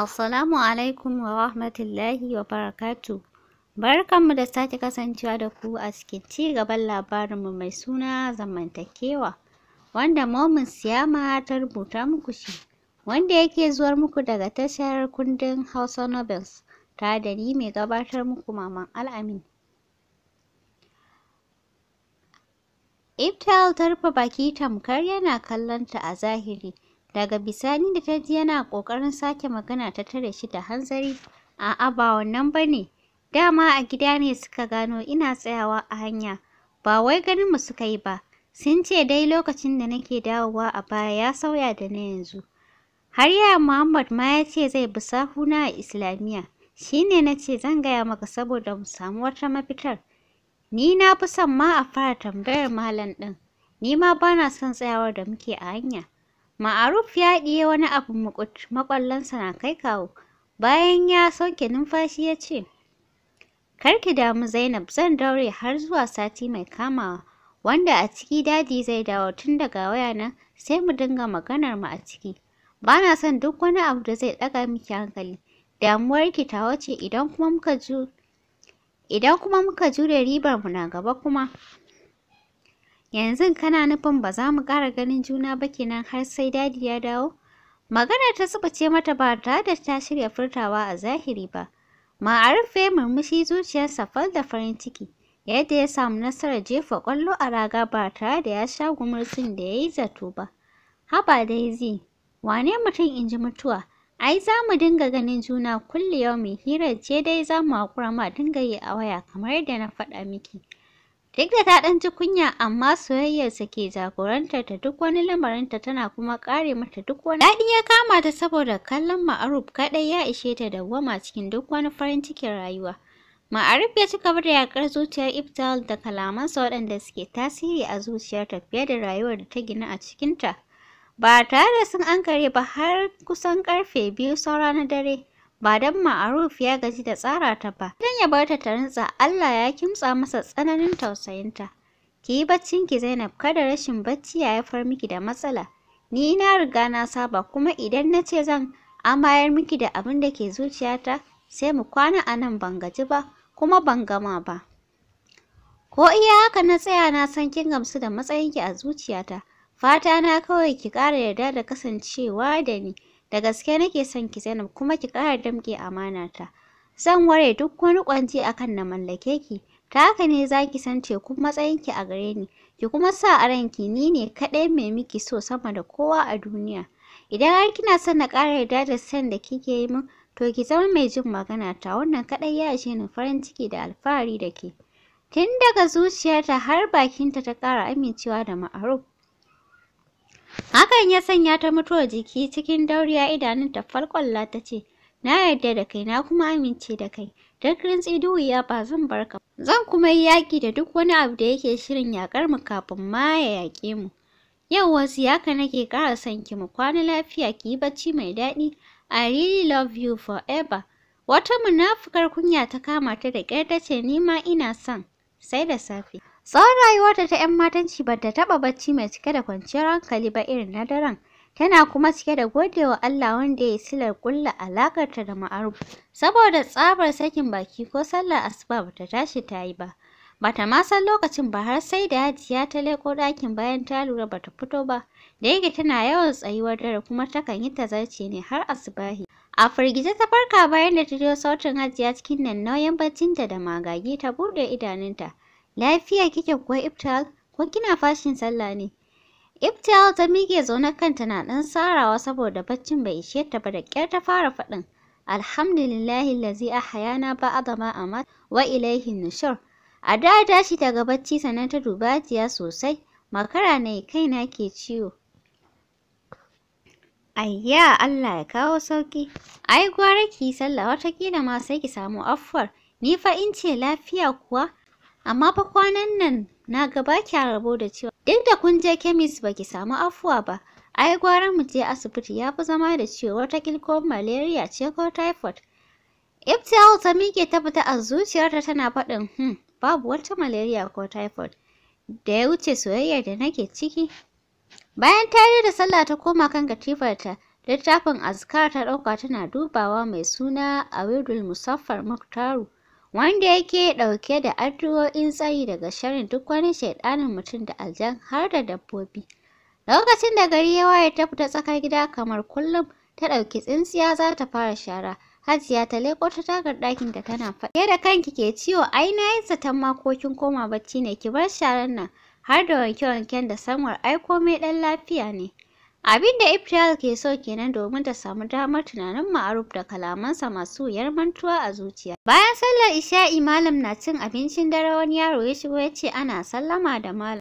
Assalamu alaikum wa rahmatullahi wa barakatu. Barkanmu da sake kasancewa da ku a cikin ci gaban labarinmu mai suna zamantakewa, wanda Momin Siyama ta rubuta muku shi, wanda yake zuwar muku daga tashar kundin Hausa Novels, ta da ni mai gabatar muku Maman Al'amin. Iftal ta rufe baki tamkar yana kallonta a zahiri. Daga bisani da ta ji yana ƙoƙarin sake magana ta tare shi da hanzari. A'a ba wannan ba ne. Dama a gida ne suka gano ina tsayawa a hanya. Ba wai ganin mu suka yi ba. Sun ce dai lokacin da nake dawowa a baya ya sauya da na yanzu. Har yaya Muhammad ma ya ce zai bi sahuna a Islamiyya. Shi ne na ce zan gaya maka saboda mu samu wata mafitar. Ni na fi son ma a fara tambayar malam ɗin. Ni ma ba na son tsayawar da muke a hanya. Ma'aruf ya ɗiye wani abu maƙwallonsa na kai kawo. Bayan ya sauke numfashi ya ce, Kar ki damu Zainab zan daure har zuwa sati mai kamawa, wanda a ciki dadi zai dawo tun daga waya nan sai mu dinga maganar mu a ciki. Ba na son duk wani abu da zai ɗaga miki hankali. Damuwarki ta ce idan kuma muka jure ribar mu na gaba kuma. yanzu kana nufin ba za mu ƙara ganin juna ba kenan har sai dadi ya dawo magana ta ce mata ba tare da ta shirya furtawa a zahiri ba ma'arufe murmushi zuciyarsa fal da farin ciki yadda ya samu nasarar jefa ƙwallo a raga ba tare da ya sha gumurtsin da ya yi zato ba haba daisy wane mutum in ji mutuwa ai za mu dinga ganin juna kulle yau mai hirar ce dai za mu haƙura ma dinga yi a waya kamar yadda na faɗa miki Duk da ta ɗan ji kunya amma soyayyarsa ke jagorantar ta duk wani lamarinta tana kuma ƙare mata duk wani daɗi ya kama ta saboda kallon Ma'aruf kaɗai ya ishe ta da wama cikin duk wani farin cikin rayuwa. Ma'aruf ya ci gaba da yaƙar zuciyar Iftal da kalamansa waɗanda suke tasiri a zuciyar ta fiye da rayuwar da ta gina a cikinta. Ba tare da sun ankare ba har kusan ƙarfe biyu saura na dare. ba don ma'aruf ya gaji da tsara ta ba idan ya bar ta ta rintsa Allah ya kimtsa masa tsananin tausayinta ki yi baccin ki Zainab kada rashin bacci ya haifar miki da matsala ni na riga na saba kuma idan na ce zan amayar miki da abin da ke zuciyata sai mu kwana a nan ban gaji ba kuma ban gama ba ko iya haka na tsaya na san kin gamsu da matsayinki a zuciyata fata na kawai ki ƙara yarda da kasancewa da ni da gaske nake son ki Zainab kuma ki ƙara damƙe ta zan ware duk wani kwanci akan na mallake ki ta haka ne za ki san tekun matsayinki a gare ni ki kuma sa a ranki ni ne kaɗai mai miki so sama da kowa a duniya idan har kina son na ƙara yarda da san da kike yi min to ki zama mai jin magana ta wannan kaɗai ya ishe ni farin ciki da alfahari da ke tun daga zuciyarta har bakinta ta ƙara amincewa da ma'aruf Hakan ya sanya ta mutuwar jiki cikin dauriya idanunta farkwalla ta ce, Na yarda da kai na kuma amince da kai, duk rintsi duwiya ba zan bar ka. Zan kuma yi yaƙi da duk wani abu da yake shirin yaƙar mu kafin ma ya yaƙe mu. Yau wasu yaka nake ƙara son ki mu kwana lafiya ki yi bacci mai daɗi. I really love you forever. Wata munafukar kunya ta kama ta da ƙyar ta ce ni ma ina son. Sai da safe. Tsawon rayuwarta ta 'yan matanci ba ta taɓa bacci mai cike da kwanciyar hankali ba irin na daren. Tana kuma cike da godewa Allah wanda ya yi silar kulla alakarta da ma'aruf. Saboda tsabar sakin baki ko sallar asuba ba ta tashi ta yi ba. Bata ma san lokacin ba har sai da Hajiya ta leko ɗakin bayan ta lura bata fito ba. Da yake tana yawan tsayuwar dare kuma takan yi tazarce ne har asubahi. A firgice ta farka bayan da ta sautin Hajiya cikin nan nauyin baccinta da magagi ta buɗe idanunta. Lafiya kike kuwa Iftal? Ko kina fashin sallah ne? Iftal ta miƙe zaune kanta na ɗan sarawa saboda baccin bai ishe ta ba da kyar ta fara faɗin. Alhamdulillahi lazi a hayana ba adama amat wa ilaihin nushur. A da ta shi daga bacci sannan ta duba dubatiya sosai, makara ne kaina ke ciwo. Ayya Allah ya kawo sauki. Ai gwara ki sallah watakila ma sai ki samu afuwar. Ni fa in ce lafiya kuwa Amma fa kwanan nan na ga ba rabo da cewa duk da kun je kemis ba ki samu afuwa ba. Ai gwaran mu je asibiti ya fi zama da cewa wata ko malaria ce ko typhoid. Iftiyahu ta miƙe ta fita a zuciyarta tana faɗin hmm babu wata malaria ko typhoid da ya wuce soyayyar da nake ciki. Bayan ta da sallah ta koma kan katifarta, littafin azkar ta ɗauka tana dubawa mai suna Awidul Musaffar Muktaru. wanda yake ɗauke da addu'o'in tsayi daga sharrin duk wani shaiɗanin mutum da aljan har da dabbobi. Lokacin da gari ya waye ta fita tsakar gida kamar kullum ta ɗauki tsintsiya za ta fara shara. Hajiya ta leƙo ta tagar ɗakin da tana faɗi. Ke da kanki ke ciwo ai na yi zaton makokin koma bacci ne ki bar sharan nan har da wanke-wanken da sanwar ai komai ɗan lafiya ne. Abin da April ke so kenan domin ta samu damar tunanin ma'aruf da kalamansa masu wuyar mantuwa a zuciya. Bayan sallar isha'i malam na cin abincin dare wani yaro ya shigo ya ce ana sallama da malam.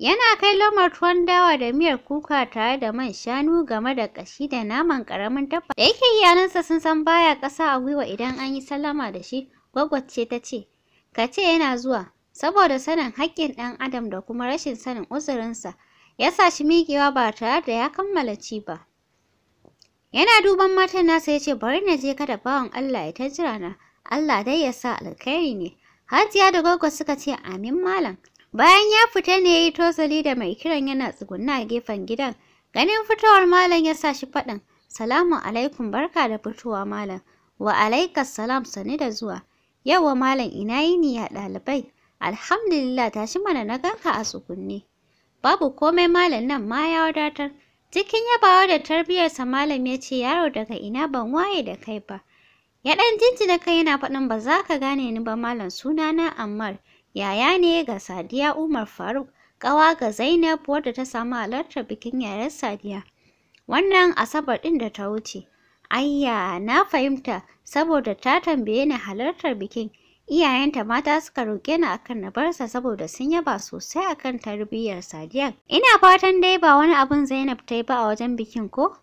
Yana kai lomar tuwon dawa da miyar kuka tare da man shanu game da ƙashi da naman ƙaramin dabba. Da yake iyalansa sun san baya ƙasa a gwiwa idan an yi sallama da shi, gwaggwace ta ce, ka ce yana zuwa, saboda sanin haƙƙin ɗan adam da kuma rashin sanin uzurinsa. ya sa shi miƙewa ba tare da ya kammala ci ba. Yana duban matan nasa ya ce bari na je kada bawan Allah ya ta jira na, Allah dai ya sa alkhairi ne. Hajiya da gogo suka ce amin malam. Bayan ya fita ne ya yi tozali da mai kiran yana tsugunna a gefen gidan. Ganin fitowar malam ya sa shi faɗin, Salamu alaikum barka da fitowa malam. Wa alaikas salam sani da zuwa. Yawwa malam ina yi ni ya ɗalibai. Alhamdulillah tashi mana na ganka a tsugunne. babu komai malam nan ma ya wadatar cikin yabawa da tarbiyarsa malam ya ce yaro daga ina ban waye da kai ba ya ɗan jinjina kai yana faɗin ba za ka gane ni ba malam sunana ammar yaya ne ga sadiya umar faruk kawa ga zainab wadda ta samu halartar bikin yayar sadiya wannan asabar ɗin da ta wuce ayya na fahimta saboda ta tambaye ni halartar bikin Iyayenta mata suka roƙe ni akan na barsa saboda sun yaba sosai akan tarbiyyar Sadiya. Ina fatan dai ba wani abin Zainab ta yi ba a wajen bikin ko?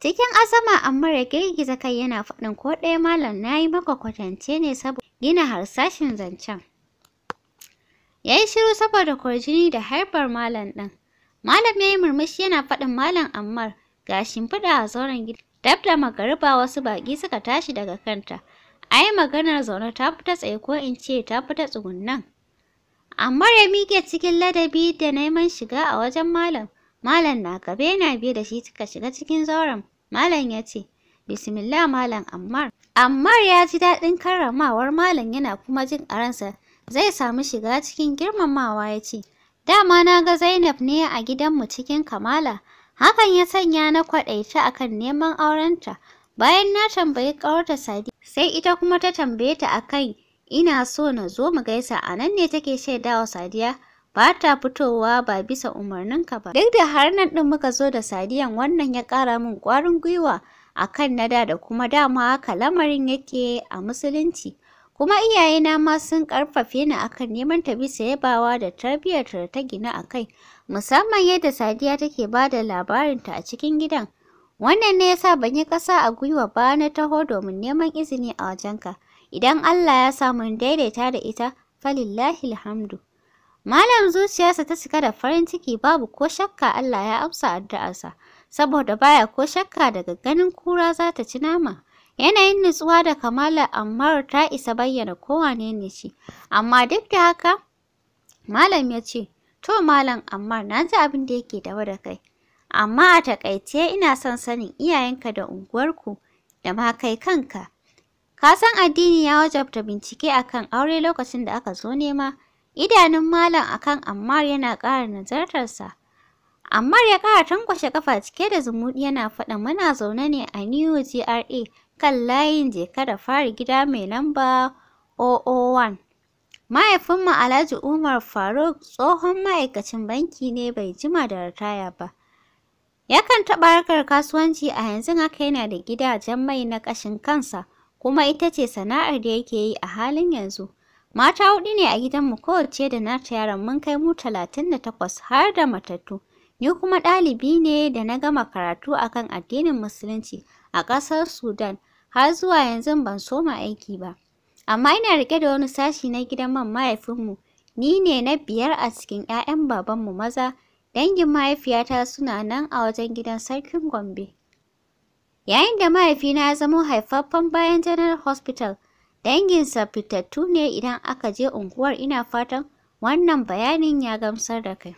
Cikin azama amma ya girgiza kai yana faɗin ko ɗaya malam na yi maka kwatance ne saboda gina harsashin zancen. Ya yi shiru saboda kwarjini da haifar malam ɗin. Malam ya yi murmushi yana faɗin malam Ammar ga shimfiɗa a zauren gida. Dabda magariba wasu baƙi suka tashi daga kanta. ai maganar zaune ta fita tsaye ko in ce ta fita tsugunnan amma ya miƙe cikin ladabi da neman shiga a wajen malam malam na gaba yana biye da shi suka shiga cikin zauren malam ya ce bismillah malam ammar ammar ya ji daɗin karramawar malam yana kuma jin a ransa zai samu shiga cikin girmamawa ya ce dama na ga zainab ne a gidanmu cikin kamala hakan ya sanya na kwaɗaita akan neman aurenta bayan na tambayi ƙawarta sadi sai ita kuma ta tambaye ta akan ina so na zo mu gaisa a nan ne take shaidawa Sadiya ba ta fitowa ba bisa umarninka ba. Duk da har nan ɗin muka zo da Sadiyan wannan ya ƙara min ƙwarin gwiwa a kan na da da kuma dama haka lamarin yake a musulunci. Kuma iyayena ma sun ƙarfafe ni akan neman ta bisa yabawa da tarbiyyar ta ta gina a kai, musamman yadda Sadiya take ba da labarinta a cikin gidan. Wannan ne yasa ban yi ƙasa a gwiwa ba na taho domin neman izini a wajenka. Idan Allah ya samu daidaita da ita, falillahi alhamdu. Malam zuciyarsa ta cika da farin ciki babu ko shakka Allah ya amsa addu'arsa, saboda baya ko shakka daga ganin kura za ta ci nama. Yanayin nutsuwa da kamala Ammar ta isa bayyana kowane ne shi, amma duk da haka, Malam ya ce, To Malam Ammar na ji abin da yake dawa da kai, Amma a takaice ina son sanin iyayenka da unguwarku da ma kai kanka. Ka san addini ya wajabta bincike akan aure lokacin da aka zo nema. Idanun malam akan Ammar yana ƙara nazartarsa. Ammar ya ƙara tankwashe kafa cike da zumuɗi yana faɗa muna zaune ne a New GRA kan layin jeka da fari gida mai lamba 001. Mahaifinmu Alhaji Umar Faruk tsohon ma'aikacin banki ne bai jima da ritaya ba. Yakan taɓa harkar kasuwanci a yanzu haka yana da gidajen mai na ƙashin kansa, kuma ita ce sana'ar da yake yi a halin yanzu. Mata huɗu ne a gidanmu kowace da nata yaran mun kai mu talatin da takwas har da matattu. Ni kuma ɗalibi ne da na gama karatu a kan addinin Musulunci a ƙasar Sudan har zuwa yanzu ban soma aiki ba. Amma ina riƙe da wani sashi na gidan man mahaifinmu, ni ne na biyar a cikin 'ya'yan babanmu maza. Dangin mahaifiyata suna nan a wajen gidan sarkin Gombe. Yayin da mahaifina ya zama haifaffen bayan General Hospital, danginsa fitattu ne idan aka je unguwar ina fatan wannan bayanin ya gamsar da kai.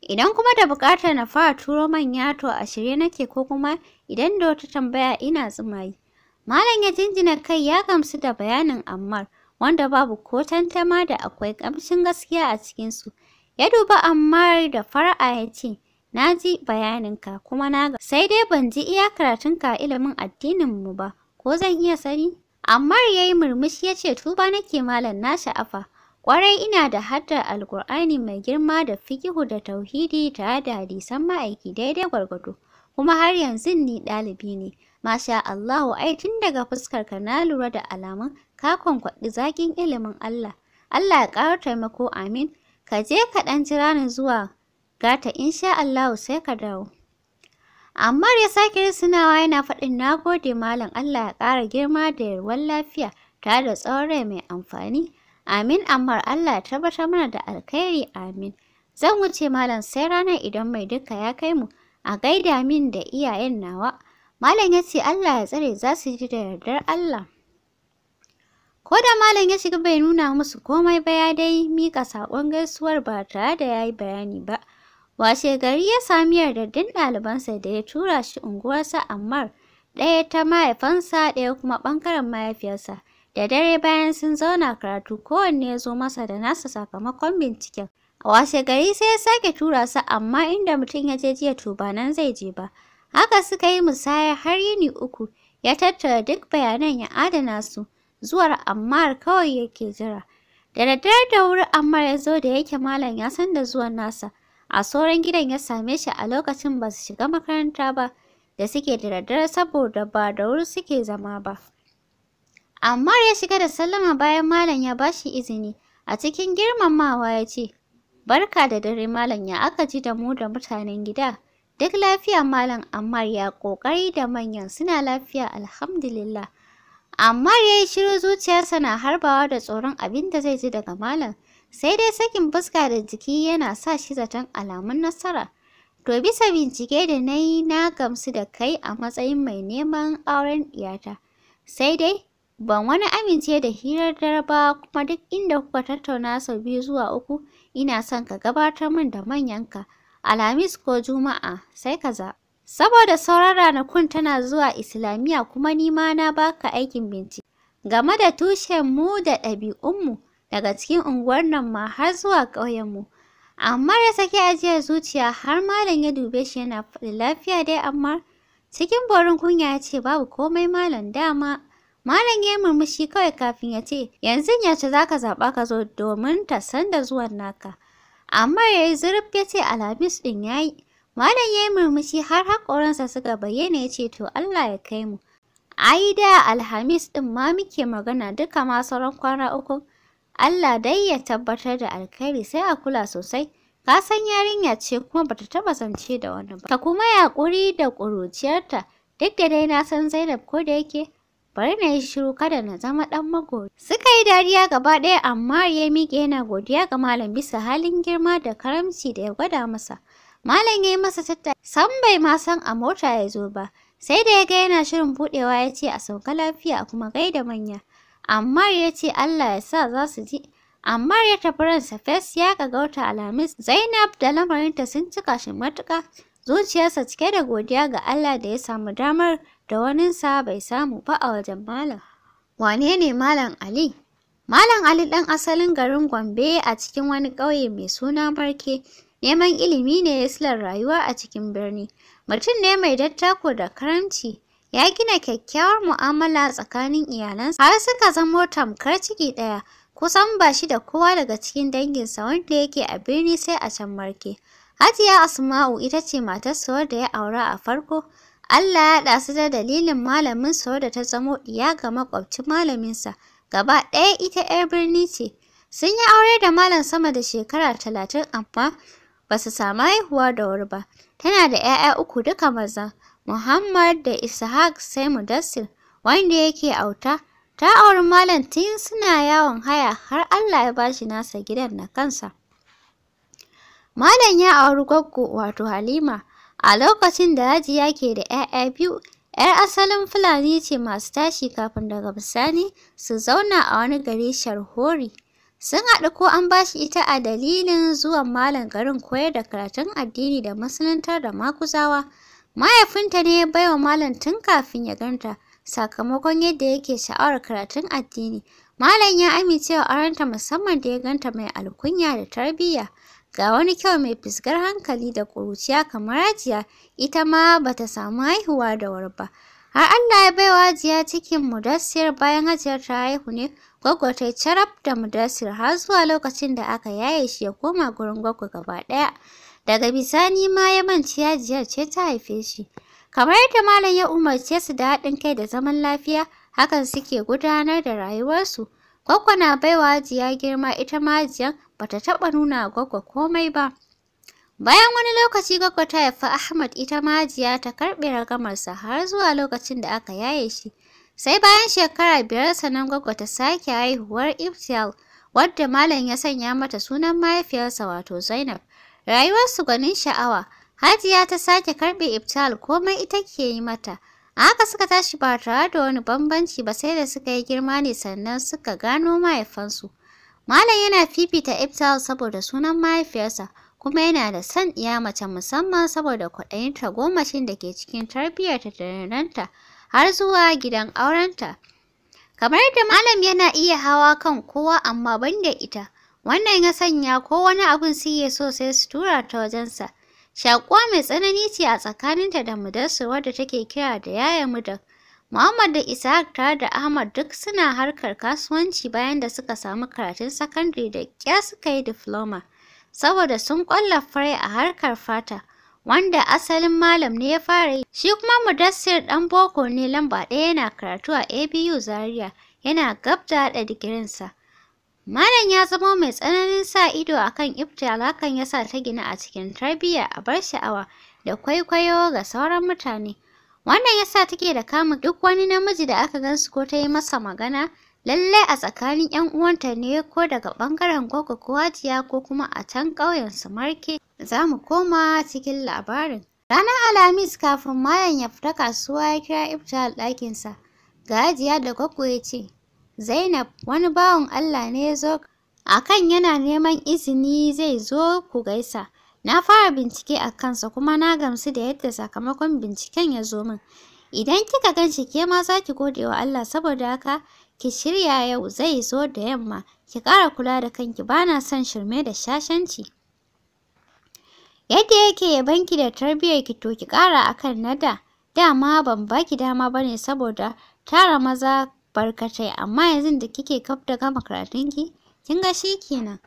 Idan kuma da buƙatar na fara turo manya to a shirye nake ko kuma idan da wata tambaya ina tsumayi. Malam ya jinjina kai ya gamsu da bayanin Ammar wanda babu ko tantama da akwai ƙamshin gaskiya a cikinsu Ya duba Ammar da fara'a ya ce, Na ji bayaninka kuma na ga sai dai ban ji iya karatunka a ilimin addininmu ba, ko zan iya sani? Ammar ya yi murmushi ya ce tuba nake malam na sha'afa, ƙwarai ina da haddar Alkur'ani mai girma da fikihu da tauhidi tare da hadisan ma'aiki daidai gwargwado, kuma har yanzu ni ɗalibi ne. Masha Allahu ai tun daga fuskarka na lura da alamun ka kwankwaɗi zaƙin ilimin Allah. Allah ya ƙara taimako amin. Ka je ka ɗan jira ni zuwa gata insha Allahu sai ka dawo. Ammar ya sake sunawa yana faɗin na gode malam Allah ya ƙara girma da yarwar lafiya tare da tsawon rai mai amfani. Amin Ammar Allah ya tabbatar mana da alkhairi amin. Zan wuce malam sai rana idan mai duka ya kai mu a gaida min da iyayen nawa. Malam ya ce Allah ya tsare za su ji da yardar Allah. Ko da malam ya shiga bai nuna musu komai ba ya dai mika sakon gaisuwar ba tare da ya yi bayani ba. Washe gari ya sami yardaddun ɗalibansa da ya tura shi unguwarsa Ammar, ɗaya ta mahaifansa ɗaya kuma ɓangaren mahaifiyarsa. Da dare bayan sun zauna karatu kowanne ya zo masa da nasa sakamakon binciken. A washe gari sai ya sake tura su amma inda mutum ya je jiya to ba nan zai je ba. Haka suka yi musayar har yini uku, ya tattara duk bayanan ya adana su. zuwar Ammar kawai yake jira. Da daddare da wuri Ammar ya zo da yake malam ya san da zuwan nasa. A sauran gidan ya same shi a lokacin ba su shiga makaranta ba da suke da daddare saboda ba da wuri suke zama ba. Ammar ya shiga da sallama bayan malam ya bashi izini. A cikin girmamawa ya ce, Barka da dare malam ya aka ji da mu da mutanen gida. Duk lafiya malam Ammar ya ƙoƙari da manyan suna lafiya alhamdulillah. Amma ya yi shiru zuciyarsa na harbawa da tsoron abin da zai ji daga malam. Sai dai sakin fuska da jiki yana sa shi zaton alamun nasara. To bisa bincike da na yi na gamsu da kai a matsayin mai neman auren iyata Sai dai ban wani amince da hirar dare ba kuma duk inda kuka tattauna sau biyu zuwa uku ina son ka gabatar min da manyanka. Alhamis ko Juma'a sai ka zaɓa. Saboda sauran ranakun tana zuwa Islamiyya kuma nima na baka aikin bincike game da mu da ɗabi'unmu daga cikin unguwar nan ma har zuwa ƙauyenmu. Amma da sake ajiyar zuciya har malam ya dube shi yana faɗi lafiya dai amma cikin borin kunya ya ce babu komai malam dama. Malam ya murmushi kawai kafin ya ce yanzu ce za ka zaɓa ka zo domin ta san da zuwan naka. Amma ya yi zurf ya ce alhamis ɗin ya yi. Malam ya yi murmushi har haƙoransa suka bayyana ya ce to Allah ya kai mu. Ai da Alhamis ɗin ma muke magana duka ma sauran kwana uku. Allah dai ya tabbatar da alkhairi sai a kula sosai. Ka san yarinya ce kuma ba ta taɓa zance da wani ba. Ka kuma yaƙuri da ƙuruciyarta duk da dai na san Zainab ko da yake bari na yi shiru kada na zama ɗan magoyi. Suka yi dariya gaba ɗaya amma ya miƙe yana godiya ga malam bisa halin girma da karamci da ya gwada masa. Malam ya yi masa tattaki, san bai ma san a mota ya zo ba. Sai da ya ga yana shirin buɗewa ya ce a sauka lafiya a kuma gaida manya. Ammar ya ce Allah ya sa za su ji. Ammar ya tafi ransa fes ya gauta Alhamis. Zainab da lamarinta sun cika shi matuƙa. Zuciyarsa cike da godiya ga Allah da ya samu damar da waninsa bai samu ba a wajen malam. Wane ne Malam Ali? Malam Ali ɗan asalin garin Gombe a cikin wani ƙauye mai suna Barke. Neman ilimi ne ya silar rayuwa a cikin birni. Mutum ne mai dattako da karamci. Ya gina kyakkyawar mu'amala tsakanin iyalansa har suka zamo tamkar ciki ɗaya. Kusan ba shi da kowa daga cikin danginsa wanda yake a birni sai a can marke. Hajiya Asma'u ita ce matarsa wadda ya aura a farko. Allah ya haɗa su da dalilin malaminsa wadda ta zamo ɗiya ga maƙwabcin malaminsa. Gaba ɗaya ita 'yar birni ce. Sun yi aure da malam sama da shekara talatin amma ba su samu haihuwa da wuri ba. Tana da 'ya'ya uku duka maza, Muhammad da Ishaq sai Mudassir, wanda yake auta. Ta auri Malam tun suna yawon haya har Allah ya bashi nasa gidan na kansa. Malam ya auri Gwaggo wato Halima a lokacin da Hajiya ke da 'ya'ya biyu. 'Yar asalin Fulani ce masu tashi kafin daga bisani su zauna a wani gari Sharhori. Sun haɗu ko an ba shi ita a dalilin zuwan malam garin koyar da karatun addini da masanantar da makuzawa. Mahaifinta ne ya bai wa malam tun kafin ya ganta, sakamakon yadda yake sha'awar karatun addini. Malam ya amincewa wa ta musamman da ya ganta mai alkunya da tarbiyya. Ga wani kyau mai fisgar hankali da ƙuruciya kamar Hajiya, ita ma ba ta samu haihuwa da wuri ba. Har Allah ya baiwa Hajiya cikin Mudassir bayan Hajiyar ta haihu ne Gwaggo ta yi carab da mudasir har zuwa lokacin da aka yaye shi ya koma gurin Gwaggo gaba ɗaya. Daga bisani ma ya manci yajiyar ce ta haife shi. Kamar yadda malam ya umarce su da haɗin kai da zaman lafiya, hakan suke gudanar da rayuwarsu. Gwaggo na baiwa jiya girma ita ma ba bata taɓa nuna gwaggo komai ba. Bayan wani lokaci gwaggo ta haifi Ahmad ita ma jiya ta karɓe ragamarsa har zuwa lokacin da aka yaye shi. Sai bayan shekara biyar sanan gwaggo ta sake haihuwar Iftial, wadda malam ya sanya mata sunan mahaifiyarsa wato Zainab. Rayuwar su gwanin sha'awa, Hajiya ta sake karɓe Iftial komai ita ke yi mata. A haka suka tashi ba tare da wani bambanci ba sai da suka yi girma ne sannan suka gano mahaifansu. Malam yana fifita Iftial saboda sunan mahaifiyarsa. kuma yana da son iya mace musamman saboda goma shin da ke cikin tarbiyyarta da ta. har zuwa gidan aurenta. Kamar da malam yana iya hawa kan kowa amma ban da ita, wannan ya sanya ko wani abin su ya so sai su tura ta wajensa. Shakuwa mai tsanani ce a tsakaninta da mudarsu wadda take kira da yaya mudar. Muhammad da Isaac tare da Ahmad duk suna harkar kasuwanci bayan da suka samu karatun sakandare da ƙya suka yi difloma, saboda sun ƙwalla fure a harkar fata. wanda asalin malam ne ya fara yi. Shi kuma Mudassir ɗan boko ne lamba ɗaya yana karatu a ABU Zaria yana gab da haɗa digirinsa. Malam ya zama mai tsananin sa ido akan kan hakan ya sa ta gina a cikin tarbiyya a bar sha'awa da kwaikwayo ga sauran mutane. Wannan ya sa take da kama duk wani namiji da aka gansu ko ta yi masa magana Lallai a tsakanin 'yan uwanta ne ko daga ɓangaren gwaggo ko ko kuma a can ƙauyen su marke. Za mu koma cikin labarin. Ranar Alhamis kafin Mayan ya fita kasuwa ya kira Iftihar ɗakinsa. Ga hajiya da gwaggo ya ce, Zainab wani bawan Allah ne ya zo akan yana neman izini zai zo ku gaisa. Na fara bincike a kansa kuma na gamsu da yadda sakamakon binciken ya zo min. Idan kika gan shi ke ma za ki gode wa Allah saboda haka ki shirya yau zai zo da yamma ki ƙara kula da kanki bana son shirme da shashanci yadda yake yabanki da tarbiyyar ki to ki ƙara akan na dama ban baki dama bane saboda tara maza barkatai amma yanzu da kike kaf da gama karatunki kin ga kenan.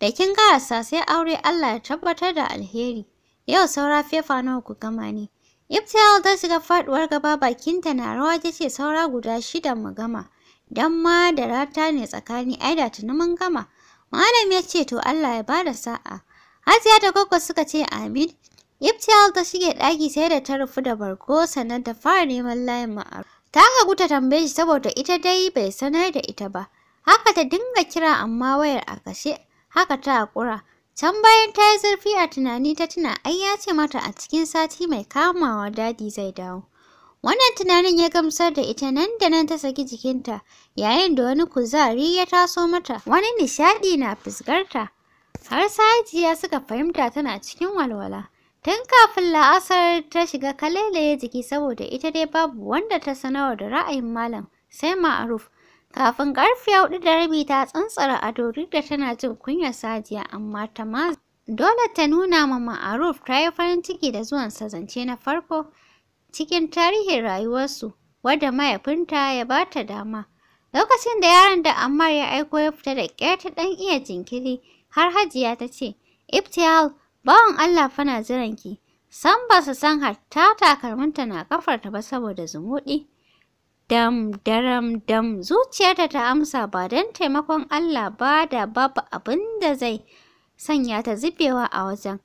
da kin gasa sai aure Allah ya tabbatar da alheri yau saura fefa nawa ku gama ne Ibtihal ta shiga faɗuwar gaba bakinta na rawa ta ce saura guda shida mu gama. Dan ma da rata ne tsakani ai da tuni mun gama. Malam ya ce to Allah ya bada sa'a. Hajiya da Goggo suka ce amin. Iftihar ta shige ɗaki sai da ta rufu da barko sannan ta fara neman layin ma'ar. Ta hagu ta tambaye shi saboda ita dai bai sanar da ita ba. Haka ta dinga kira amma wayar a kashe. Haka ta haƙura. Can bayan ta yi zurfi a tunani ta tuna ai ya ce mata a cikin sati mai kamawa dadi zai dawo. Wannan tunanin ya gamsar da ita nan da nan ta saki jikinta, yayin da wani kuzari ya taso mata, wani nishaɗi na fuskarta. Har sajiya suka fahimta tana cikin walwala. Tun kafin la'asar ta shiga kalelaye jiki saboda ita dai babu wanda ta sanarwa da ra'ayin malam, sai ma'aruf. Kafin ƙarfe hudu da rabi ta tsantsara a duk da tana jin kunyar sajiya amma ta ma dole ta nuna ma ma'aruf ta yi farin ciki da zuwansa zance na farko. cikin tarihin rayuwarsu wadda mahaifinta ya ba ta dama. Lokacin da yaron da Ammar ya aiko ya fita da ƙyar ta ɗan iya jinkiri har Hajiya ta ce, Iftihal, bawan Allah fana na ki, san ba su san hatta takalminta na kafarta ba saboda zumuɗi. Dam, daram, dam, zuciyarta ta amsa ba don taimakon Allah ba da babu abin da zai sanya ta zubewa a wajen.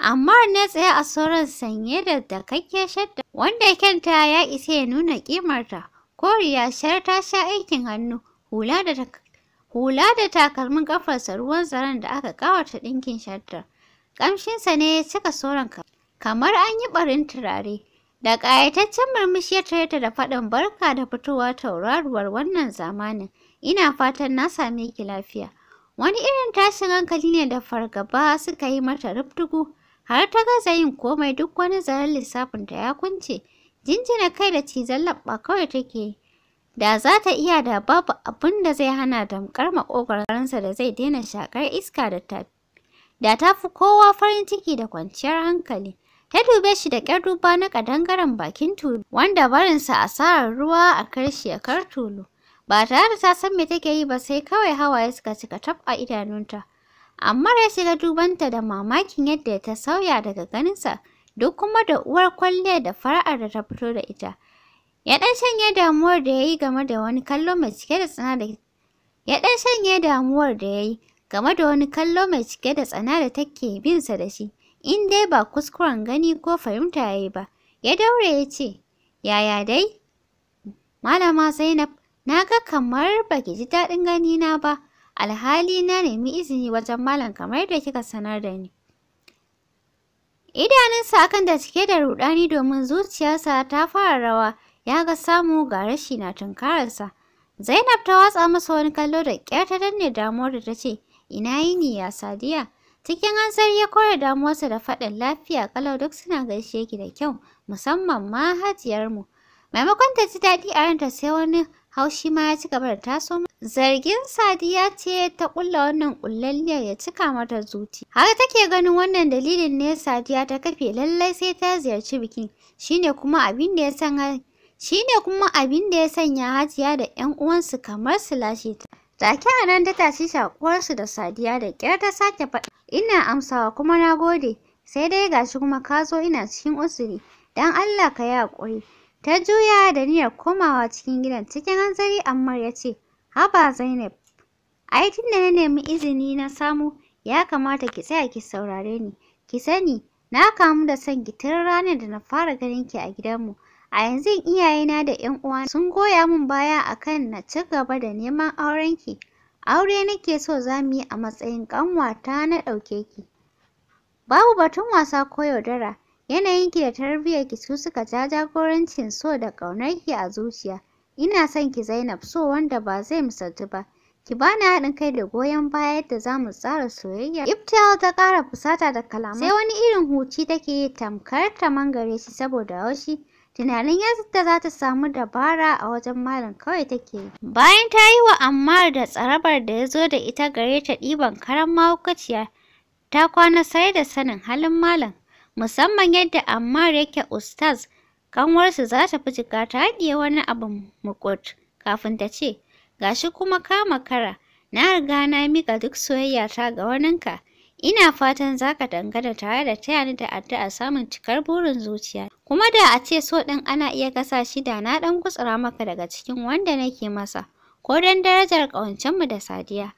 Amma na tsaye a sauran sanye da dakakke shadda wanda kyanta ya isa ya nuna ƙimarta. Koriya shar ta sha aikin hannu, hula da hula da takalmin ƙafarsa ruwan zaren da aka ƙawata ɗinkin shaddar. Ƙamshinsa ne ya cika sauran kamar an yi barin turare. Da ƙayataccen murmushi ya tare ta da faɗin barka da fitowa tauraruwar wannan zamanin. Ina fatan na same ki lafiya. Wani irin tashin hankali ne da fargaba suka yi mata rubdugu. har ta gaza yin komai duk wani zaren lissafin ta ya kunce jinjina kai da cizon labba kawai take da za ta iya da babu abin da zai hana damkar makogaransa da zai daina shakar iska da tafi da ta fi kowa farin ciki da kwanciyar hankali ta dube shi da kyar duba na ƙadangaren bakin tulu wanda barinsa asarar ruwa a kar tulu ba tare da ta san me take yi ba sai kawai hawaye suka cika tab a idanunta Amma ya shiga dubanta da mamakin yadda ta sauya daga ganinsa, duk kuma da uwar kwalliya da fara'ar da ta fito da ita. Ya dan shanye damuwar da yayi game da wani kallo mai cike da tsana da Ya dan shanye damuwar da yayi game da wani kallo mai cike da tsana da take binsa da shi, in dai ba kuskuren gani ko fahimta yayi ba. Ya daure ya ce, Yaya dai? Malama Zainab, na ga kamar baki ji ji daɗin na ba, alhali na nemi izini wajen malam kamar da kika sanar da ni. Idanunsa akan da cike da rudani domin zuciyarsa ta fara rawa ya ga samu ga rashi na tunkararsa. Zainab ta watsa masa wani kallo da ƙyar ta danne damuwar da ta ce, Ina yini ya sadiya? Cikin hansar ya kore damuwarsa da faɗin lafiya kalau duk suna gaishe ki da kyau, musamman ma hajiyarmu. Maimakon ta ji daɗi a ranta sai wani haushi ma ya ci gaba da taso zargin sadiya ce ta kulla wannan kullalliyar ya cika mata zuci har take ganin wannan dalilin ne sadiya ta kafe lallai sai ta ziyarci bikin shine kuma abin da ya sanya shine kuma abin da ya sanya hajiya da yan uwansu kamar su lashe ta take a nan ta tashi shakuwarsu da sadiya da kyar ta sake faɗa ina amsawa kuma na gode sai dai gashi kuma ka zo ina cikin usuri dan allah ka yi haƙuri Ta juya da niyyar komawa cikin gidan cikin hanzari Ammar ya ce, Haba Zainab, ai tun da na nemi izini na samu ya kamata ki tsaya ki saurare ni. Ki sani, na kamu da son gitar ranar da na fara ganin ki a gidanmu. A yanzu iyayena da 'yan uwa sun goya min baya akan na ci gaba da neman aurenki. Aure nake so za mu yi a matsayin kanwata na ɗauke ki. Babu batun wasa ko yaudara. Yanayinki da tarbiyyarki su suka ja jagorancin so da ƙaunarki a zuciya. Ina son ki Zainab so wanda ba zai misaltu ba. Ki bani haɗin kai da goyon baya yadda za mu tsara soyayya. Iftial ta ƙara fusata da kalamai. Sai wani irin huci take yi tamkar ta mangare shi saboda haushi. Tunanin yadda za ta samu dabara a wajen malam kawai take yi. Bayan ta yi wa Ammar da tsarabar da ya zo da ita gare ta ɗiban karan mahaukaciya, ta kwana sai da sanin halin malam. musamman yadda Ammar yake ustaz kanwarsu za ta fi jika ta haɗiye wani abu mukut kafin ta ce gashi kuma kama kara, na riga na mika duk soyayya ta ga waninka ina fatan za ka dangana tare da taya ni da addu'a samun cikar burin zuciya kuma da a ce so ɗin ana iya gasa shi da na ɗan kutsura maka daga cikin wanda nake masa ko don darajar ƙawancenmu da sadiya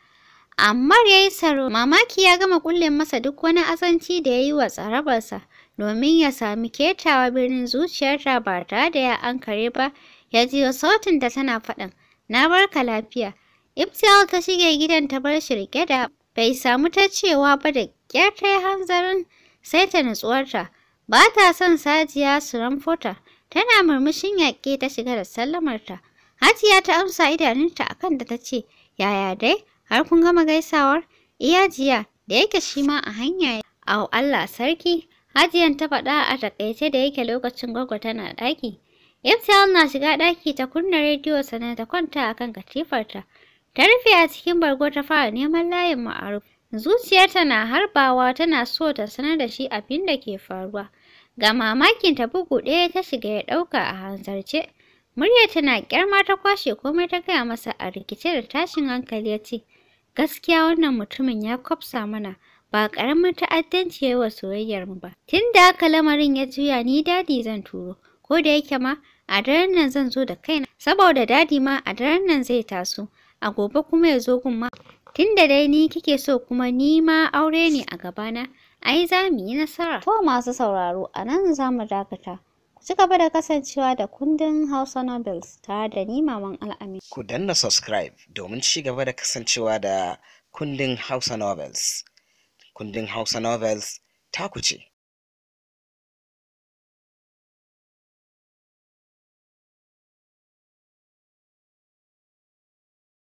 Ammar ya yi tsaro. mamaki ya gama kulle masa duk wani azanci da ya yi wa tsarabarsa domin ya sami ketawa birnin zuciyarta ba tare da ya ankare ba, ya wa sautin da tana faɗin, na barka lafiya. Ibtiyal ta shige gidan ta bar shi rike da bai samu ta cewa ba da ƙyar ta yi hanzarin sai ta nutsuwarta. Ba ta son sajiya su ramfota, tana murmushin yaƙe ta shiga da sallamarta. Hajiya ta amsa idanunta akan da ta ce, yaya dai? har kun gama gaisawar iya jiya da yake shi ma a hanya ya au Allah sarki hajiyan ta faɗa a takaice da yake lokacin gwagwa tana ɗaki Iftial na shiga ɗaki ta kunna rediyo sannan ta kwanta a kan katifarta ta rufe a cikin bargo ta fara neman layin ma'aruf zuciyarta na harbawa tana so ta sanar da shi abin da ke faruwa ga mamakin ta bugu ɗaya ta shiga ya ɗauka a hanzarce Murya tana kyarma ta kwashe komai ta gaya masa a rikice da tashin hankali ya ce, Gaskiya wannan mutumin ya kwafsa mana, ba ƙaramin ta'addanci ya yi wa mu ba. Tun da haka lamarin ya juya ni dadi zan turo, ko da yake ma a daren nan zan zo da kaina, saboda dadi ma a daren nan zai taso, a gobe kuma ya zo gun ma. Tun da dai ni kike so kuma ni ma aure ne a gabana, ai za mu yi nasara. Ko masu sauraro a nan za mu dakata. Ci gaba da kasancewa da kundin Hausa Novels tare da ni Maman Al'amin. Ku danna subscribe domin ci gaba da kasancewa da kundin Hausa Novels. Kundin Hausa Novels taku ce.